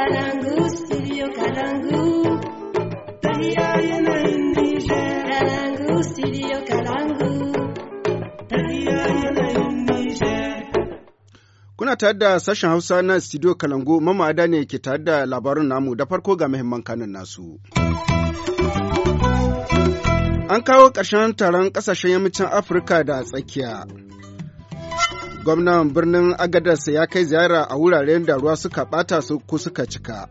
Kalangu, Kuna tare da sashen Hausa na studio Kalangu ada ne ke tare da labarin namu da farko ga muhimman kanin nasu. An kawo ƙarshen taron ƙasashen yammacin Afirka da tsakiya. Gwamnan birnin Agadas ya kai ziyara a wuraren da ruwa suka bata su ko suka cika.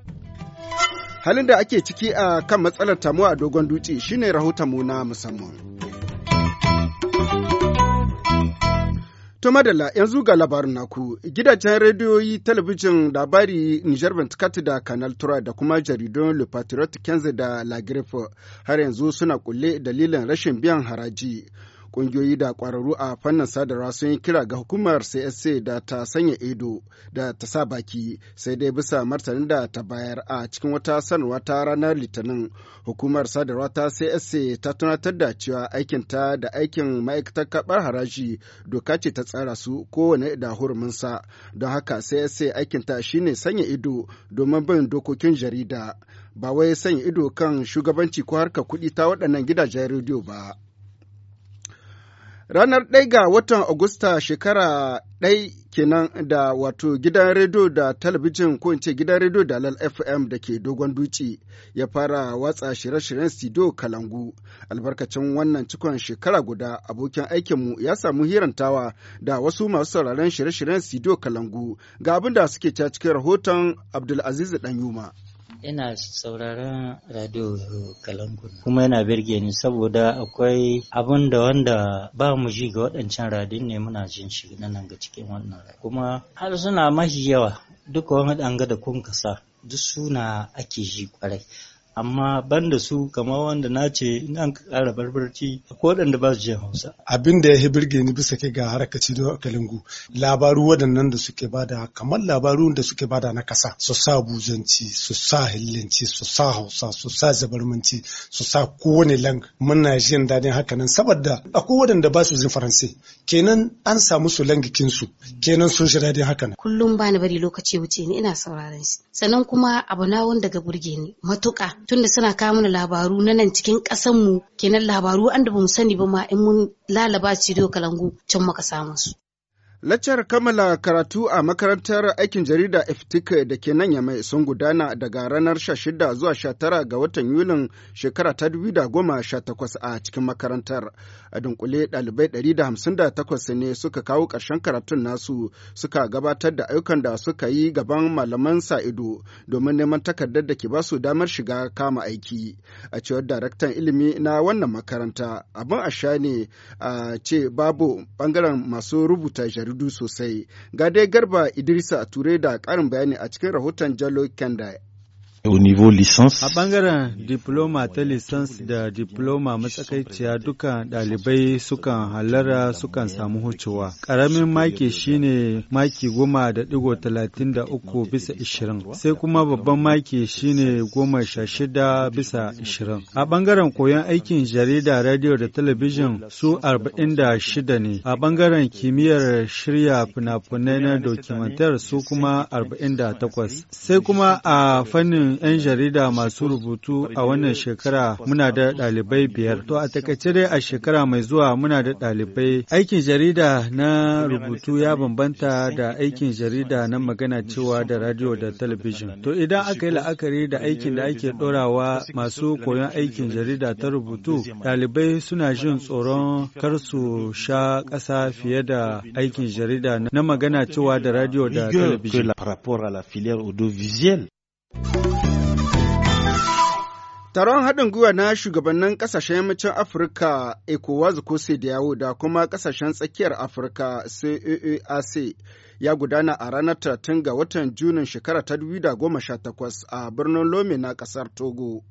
Halin da ake ciki a kan matsalar tamu a dogon dutse shine rahotonmu na musamman. To madalla yanzu ga labarin naku gidajen rediyoyi talabijin labari Nijar Bentikat da Canal Tura da kuma jaridun Le Patriot Kenze da La har yanzu suna kulle dalilin rashin biyan haraji. Ƙungiyoyi da kwararru a fannin sadarwa sun yi kira ga hukumar CSC da ta sanya ido da ta sa baki sai dai bisa martanin da ta bayar a cikin wata sanarwa ta ranar Litinin. Hukumar sadarwa ta CSC ta tunatar da cewa aikinta da aikin ma'aikatar karɓar haraji doka ce ta tsara su kowane da hurminsa Don haka CSC aikinta shine sanya ido domin bin dokokin jarida. Ba wai sanya ido kan shugabanci ko harkar kuɗi ta waɗannan gidajen rediyo ba. Ranar ɗai ga watan Agusta shekara ɗai kenan da wato gidan rediyo da talabijin ko ce gidan rediyo da lal fm da ke dogon duci ya fara watsa shirye-shiryen Sido kalangu albarkacin wannan cikon shekara guda abokin aikinmu ya samu hirantawa da wasu masu sauraron shirye-shiryen Sido kalangu ga abin da suke cikin rahoton abdulaziz danyuma. Ina sauraron radio kalangun kuma yana birge ni saboda akwai abun da wanda ba mu ji ga waɗancan radin ne muna jin shi nan ga cikin wannan kuma har suna mahi yawa duka wani ɗanga da kun kasa duk suna ake ji kwarai amma ban da su kamar wanda na ce ina kara barbarci ko waɗanda ba su je hausa. Abin da ya yi birge ni bisa ke ga harkaci da kalingu labaru waɗannan da suke bada kamar labaru da suke bada na kasa su sa buzanci su sa hillanci su sa hausa su sa zabarmanci su sa kowane lang muna jin daɗin hakanan saboda akwai waɗanda ba su jin faransi kenan an samu su langikin su kenan sun shi daɗin hakanan. Kullum ba ni bari lokaci wuce ni ina sauraron shi sannan kuma abu na wanda ga burge ni matuƙa tunda suna kawo mana labaru na nan cikin ƙasan mu kenan labaru an da mu sani ba ma in mun lalaba cido kalangu can muka samu su Laccar kammala karatu a makarantar aikin jarida iftik da ke nan ya mai, sun gudana daga ranar 16 zuwa 19 ga watan Yulin shekara ta 2018 a cikin makarantar. A dunkule ɗalibai 158 ne suka kawo ƙarshen karatun nasu suka gabatar da ayyukan da suka yi gaban malaman sa ido domin neman takardar da ke ba su damar shiga kama aiki. A cewar daraktan ilimi na wannan makaranta, abin a sha ne a ce babu bangaren masu rubuta jari dudu sosai. Ga dai Garba Idrisa Ture da ƙarin bayani a cikin rahoton Jalo Kendai. A bangaren diploma ta licence da diploma matsakaiciya duka ɗalibai sukan halara sukan samu hucewa. Ƙaramin maki shine maki goma da digo talatin da uku bisa ishirin, sai kuma babban maki shine goma sha shida bisa ishirin. A bangaren koyon aikin jarida, radio da talabijin su arba'in da shida ne. A bangaren kimiyyar shirya fina-finai na dokumantar su kuma arba'in da takwas. Sai kuma a fannin 'yan jarida masu rubutu a wannan shekara muna da ɗalibai biyar. To a takaice dai a shekara mai zuwa muna da ɗalibai. Aikin jarida na rubutu ya bambanta da aikin jarida na magana cewa da radio da talabijin. To idan aka yi la'akari da aikin da ake ɗorawa masu koyon aikin jarida ta rubutu, ɗalibai suna jin tsoron kar su sha ƙasa fiye da aikin jarida na magana cewa da radio da talabijin. Taron haɗin gwiwa na shugabannin ƙasashen yammacin Afirka ECOWAS ko yawo da kuma ƙasashen tsakiyar Afirka CAAC ya gudana a ranar 30 ga watan Junin shekara ta 2018 a birnin Lome na ƙasar Togo.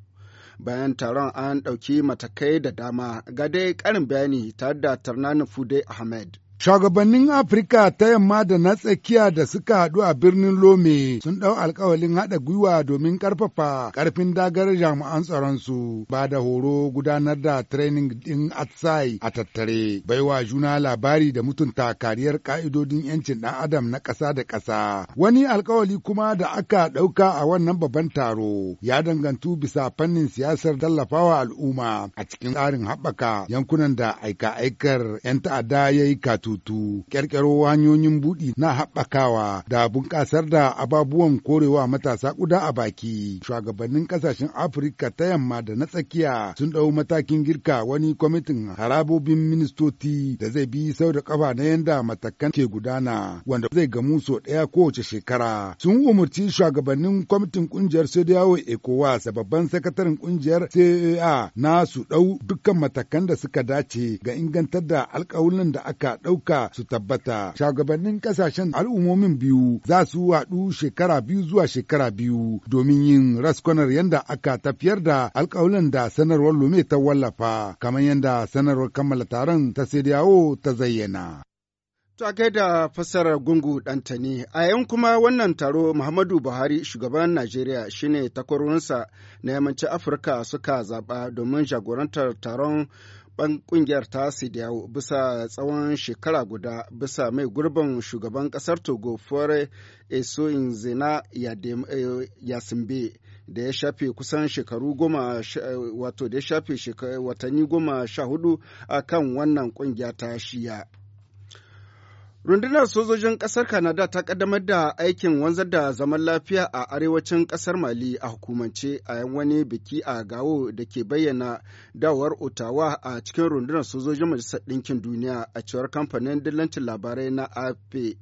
Bayan taron an ɗauki matakai da dama ga dai ƙarin bayani tare da Tarnani Fude Ahmed. Shugabannin Afirka ta yamma da na tsakiya da suka haɗu a birnin Lome sun ɗau alkawalin haɗa gwiwa domin ƙarfafa ƙarfin dagar jami'an tsaronsu ba da horo gudanar da training ɗin atsai a tattare baiwa juna labari da mutunta kariyar ƙa'idodin 'yancin ɗan adam na ƙasa da ƙasa. Wani alkawali kuma da aka ɗauka a wannan babban taro ya dangantu bisa fannin siyasar tallafawa al'umma a cikin tsarin haɓaka yankunan da aika-aikar 'yan ta'adda ya yi katu katutu ƙirƙiro hanyoyin buɗi na haɓakawa da bunƙasar da ababuwan korewa matasa ƙuda a baki shugabannin ƙasashen afirka ta yamma da na tsakiya sun ɗau matakin girka wani kwamitin harabobin ministoci da zai bi sau da ƙafa na yanda matakan ke gudana wanda zai gamu sau ɗaya kowace shekara sun umarci shugabannin kwamitin ƙungiyar sodiyawo ecowas da babban sakataren ƙungiyar caa na su ɗau dukkan matakan da suka dace ga ingantar da alƙawulin da aka ɗau duka su tabbata. Shagabannin ƙasashen al'ummomin biyu za su haɗu shekara biyu zuwa shekara biyu domin yin raskonar yadda aka tafiyar da alƙawalin da sanarwar Lome ta wallafa, kamar yadda sanarwar kammala taron ta Sediyawo ta zayyana. Ta da fassarar gungu ɗantani a yan kuma wannan taro Muhammadu Buhari shugaban Najeriya shine takwarorinsa na yammacin Afirka suka zaɓa domin jagorantar taron zaben kungiyar ta Sidiyawo bisa tsawon shekara guda bisa mai gurbin shugaban kasar Togo Fore Esoin Zena eh, Yasimbe da ya shafe kusan shekaru goma wato da ya shafe watanni goma sha hudu a kan wannan kungiya ta shiya. Rundunar sojojin ƙasar Kanada ta ƙaddamar da aikin wanzar da zaman lafiya a arewacin ƙasar Mali a hukumance a yan wani biki a Gawo da ke bayyana dawar Ottawa a cikin rundunar sojojin Majalisar Ɗinkin Duniya a cewar kamfanin dillancin labarai na AP.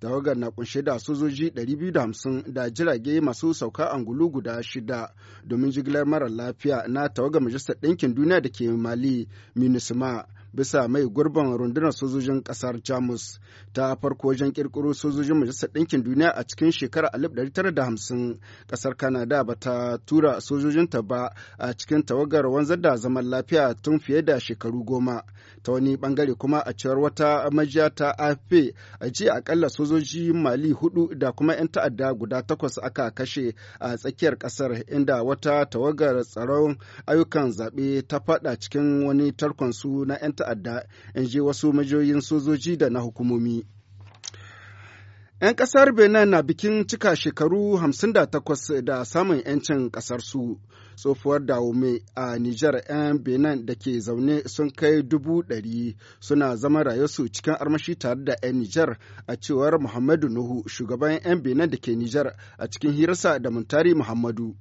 Tawagar na kunshe da sojoji 250 da jirage masu sauka angulu guda shida domin jigilar mara lafiya na tawagar Majalisar Ɗinkin Duniya da ke Mali, Minisma. bisa mai gurbin rundunar sojojin kasar Jamus ta farko wajen ƙirƙiro sojojin Majalisar Ɗinkin Duniya a cikin shekarar 1950 ƙasar Canada ba ta tura sojojinta ba a cikin tawagar wanzar da zaman lafiya tun fiye da shekaru goma. Ta wani ɓangare kuma a cewar wata majiya ta AFP a ji akalla sojoji Mali hudu da kuma 'yan ta'adda guda takwas aka kashe a tsakiyar ƙasar inda wata tawagar tsaron ayyukan zaɓe ta faɗa cikin wani tarkon su na 'yan ta'adda in ji wasu majoyin sojoji da na hukumomi. 'Yan ƙasar Benin na bikin cika shekaru 58 da samun 'yancin ƙasarsu. Tsofuwar Dawome a Nijar 'yan Benin da ke zaune sun kai dubu ɗari suna zama rayuwarsu cikin armashi tare da 'yan Nijar a cewar Muhammadu Nuhu shugaban 'yan Benin da ke Nijar a cikin hirarsa da Muntari Muhammadu.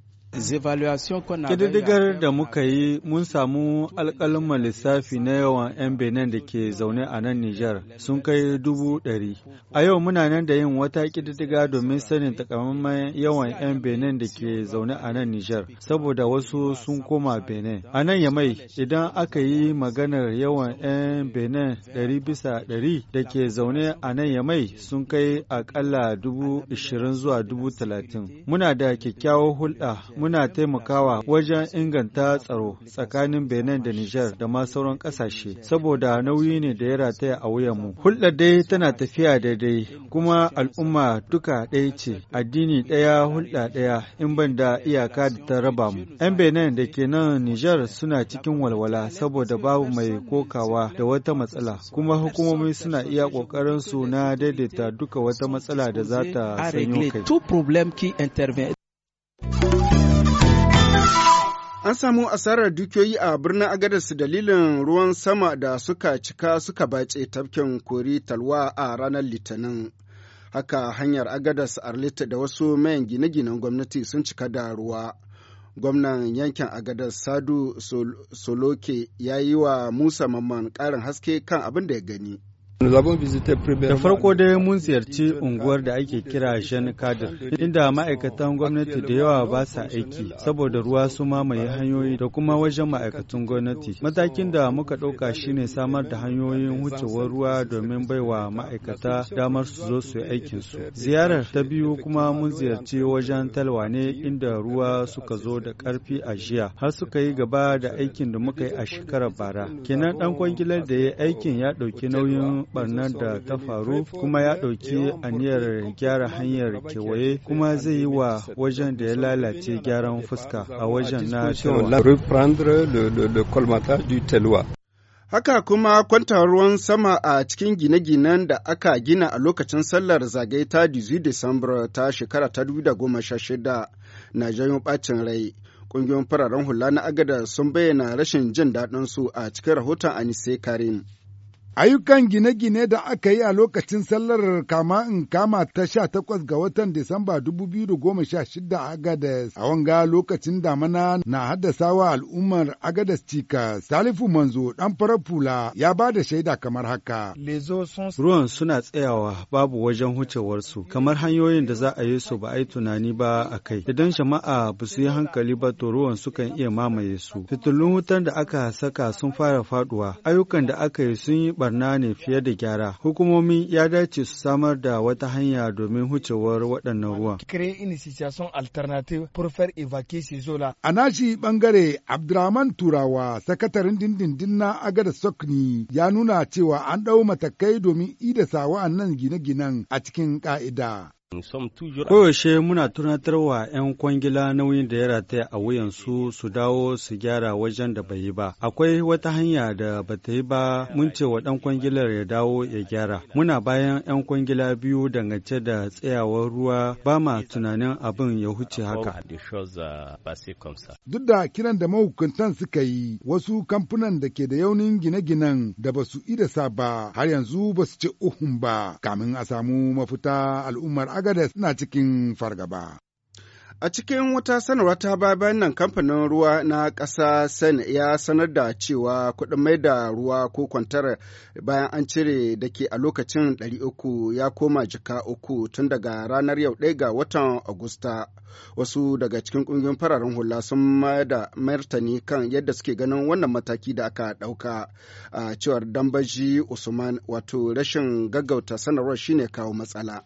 Ƙididdigar da muka yi mun samu alƙalin lissafi na yawan 'yan Benin da ke zaune a nan Nijar sun kai dubu ɗari. A yau muna nan da yin wata ƙididdiga domin sanin takamaiman yawan 'yan Benin da ke zaune a nan Nijar, saboda wasu sun koma Benin. A nan Yamai, idan aka yi maganar yawan 'yan Benin ɗari bisa ɗari da ke zaune a nan Yamai sun kai aƙalla dubu ishirin zuwa dubu talatin. Muna da kyakkyawar hulɗa muna taimakawa wajen inganta tsaro tsakanin Benin da Nijar da ma sauran ƙasashe, saboda nauyi ne da ya rataya a wuyanmu. Hulɗa dai tana tafiya daidai, kuma al'umma duka ɗaya ce, addini ɗaya hulɗa ɗaya in ban da iyaka da ta raba mu. 'Yan Benin da ke nan Nijar suna cikin walwala saboda babu mai kokawa da wata matsala, kuma hukumomi suna iya ƙoƙarin su na daidaita duka wata matsala da za ta sanyo kai. An samu asarar dukiyoyi a birnin Agadas dalilin ruwan sama da suka cika suka bace tafkin kori talwa a ranar Litinin. Haka hanyar Agadas Arlit da wasu mayan gine-ginen gwamnati sun cika da ruwa. Gwamnan yankin Agadas Sadu Soloke ya yi wa Musa Mamman ƙarin haske kan abin da ya gani. Da farko dai mun ziyarci unguwar da ake kira Shan Kadir, inda ma'aikatan gwamnati da yawa ba sa aiki saboda ruwa su mamaye hanyoyi da kuma wajen ma'aikatan gwamnati. Matakin da muka ɗauka shine samar da hanyoyin wucewar ruwa domin baiwa ma'aikata damar su zo su yi aikin su. Ziyarar ta biyu kuma mun ziyarci wajen ne, inda ruwa suka zo da ƙarfi a jiya har suka yi gaba da aikin da muka yi a shekarar bara. Kenan ɗan kwangilar da ya aikin ya ɗauki nauyin barnar da ta faru kuma ya ɗauki aniyar gyara hanyar kewaye kuma zai yi wa wajen da ya lalace gyaran fuska a wajen na telwa. Haka kuma kwantar ruwan sama a cikin gine-ginen da aka gina a lokacin sallar zagaye ta 18 Disamba ta shekara ta 2016 na janyo bacin rai. Ƙungiyoyin fararen hula na agada sun bayyana rashin jin daɗinsu a cikin rahoton Anise Karim. Ayyukan gine-gine da aka yi a lokacin sallar kama in kama ta sha takwas ga watan Disamba sha shida Agadez a wanga lokacin damana na haddasa wa al'ummar agadas cika Salifu Manzo ɗan farar fula ya ba da shaida kamar haka. Ruwan suna tsayawa babu wajen wucewarsu kamar hanyoyin da za a yi su ba a yi tunani ba a kai. Idan jama'a ba su yi hankali ba to ruwan sukan iya mamaye su. Fitilun wutar da aka saka sun fara faduwa ayyukan da aka yi sun yi barna ne fiye da gyara. Hukumomi ya dace su samar da wata hanya domin hucewar waɗannan ruwan. A nashi ɓangare Abdurrahman Turawa, sakataren dindindin na Agada Sokni ya nuna cewa an ɗau matakai domin idasa wa'annan gine-ginen a cikin ƙa'ida. Koyaushe muna tunatarwa 'yan kwangila nauyin da ya rataya a wuyansu su dawo su gyara wajen da bai yi ba. Akwai wata hanya da ba ta yi ba mun ce wa ɗan kwangilar ya dawo ya gyara. Muna bayan 'yan kwangila biyu dangance da tsayawar ruwa ba ma tunanin abin ya huce haka. Uh, Duk da kiran da mahukuntan suka yi wasu kamfunan da ke da yaunin gine-ginen da ba su idasa ba har yanzu ba su ce uhun ba kamin a samu mafita al'ummar Agadez na cikin fargaba. A cikin wata sanarwa ta bayan nan kamfanin ruwa na ƙasa Sen ya sanar da cewa kuɗin mai da ruwa ko kwantar bayan an cire da ke a lokacin 300 ya koma jika uku tun daga ranar yau ɗaya ga watan Agusta. Wasu daga cikin ƙungiyoyin fararen hula sun mayar da martani kan yadda suke ganin wannan mataki da aka ɗauka a cewar Dambaji Usman wato rashin gaggauta sanarwar shine kawo matsala.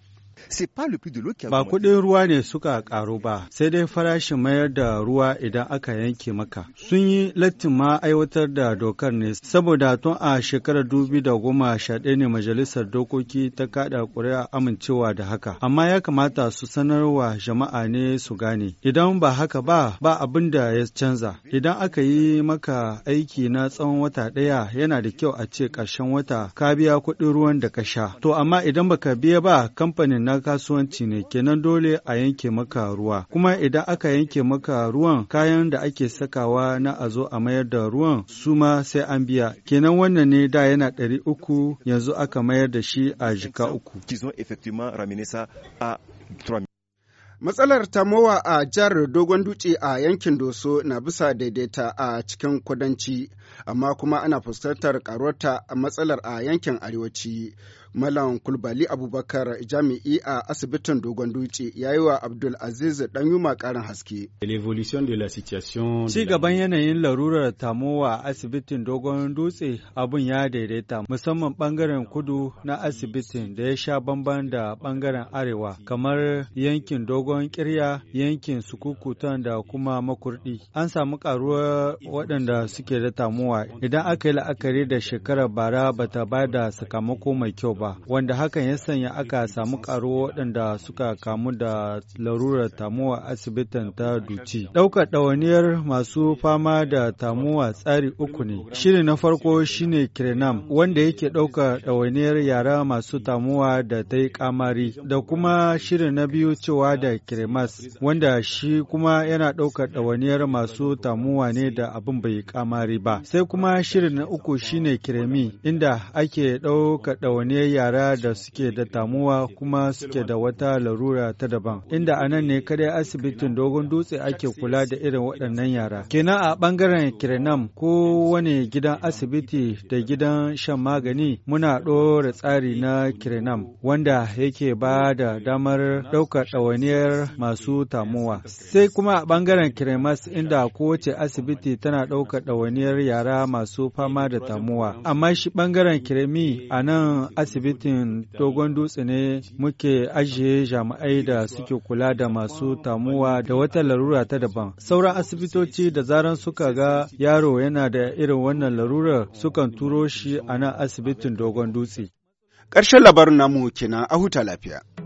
Ba kuɗin ruwa ne suka ƙaru ba, sai dai farashin mayar da ruwa idan aka yanke maka. Sun yi lattin ma aiwatar da dokar ne, saboda tun a shekarar dubi da goma sha ne majalisar dokoki ta kaɗa ƙuri'a amincewa da haka. Amma ya kamata su sanar wa jama'a ne su gane. Idan ba haka ba, ba abin da ya canza. Idan aka yi maka aiki na tsawon wata ɗaya yana da kyau a ce ƙarshen wata ka biya kuɗin ruwan da ka sha. To amma idan baka biya ba kamfanin na kasuwanci ne kenan dole a yanke maka ruwa kuma idan aka yanke maka ruwan kayan da ake sakawa na a zo a mayar da ruwan su ma sai an biya kenan wannan ne da yana ɗari uku yanzu aka mayar da shi a jika uku. Matsalar tamowa a jihar Dogon Dutse a yankin Doso na bisa daidaita a cikin kudanci, amma kuma ana fuskantar karuwar matsalar a yankin arewaci. Malam Kulbali Abubakar jami'i a asibitin Dogon Dutse ya yi wa Abdul Aziz Danyuma ƙarin haske. Ci gaban yanayin larurar tamowa a asibitin Dogon Dutse abun ya daidaita musamman ɓangaren kudu na asibitin da ya sha bamban da ɓangaren arewa kamar yankin Dogon Kirya, yankin Sukukutan da kuma makurdi. An samu karuwa waɗanda suke da tamowa idan aka yi la'akari da shekarar bara bata ba da sakamako mai kyau ba. ba wanda hakan ya sanya aka samu karuwa waɗanda suka kamu da larurar tamuwa asibitin ta duci ɗaukar ɗawaniyar masu fama da tamuwa tsari uku ne shiri na farko shine kirenam wanda yake ɗaukar ɗawaniyar yara masu tamuwa da ta yi kamari da kuma shiri na biyu cewa da kiremas wanda shi kuma yana ɗaukar ɗawaniyar masu tamuwa ne da abin bai kamari ba sai kuma shiri na uku shine kiremi inda ake ɗaukar ɗawaniyar yara da suke da tamuwa kuma suke da wata larura ta daban inda a nan ne kadai asibitin dogon dutse ake kula da irin waɗannan yara kenan a ɓangaren kirinam ko wani gidan asibiti da gidan shan magani muna ɗora tsari na kirinam wanda yake ba da damar ɗaukar ɗawainiyar masu tamuwa sai kuma a ɓangaren kiremas inda kowace asibiti tana ɗaukar ɗawainiyar yara masu fama da tamuwa amma shi ɓangaren kiremi a nan asibiti asibitin dogon dutse ne muke ajiye jami'ai da suke kula da masu tamuwa da wata larura ta daban. Sauran asibitoci da zaran suka ga yaro yana da irin wannan larurar sukan turo shi a nan asibitin dogon dutse. Ƙarshen labarin namu kenan a huta lafiya.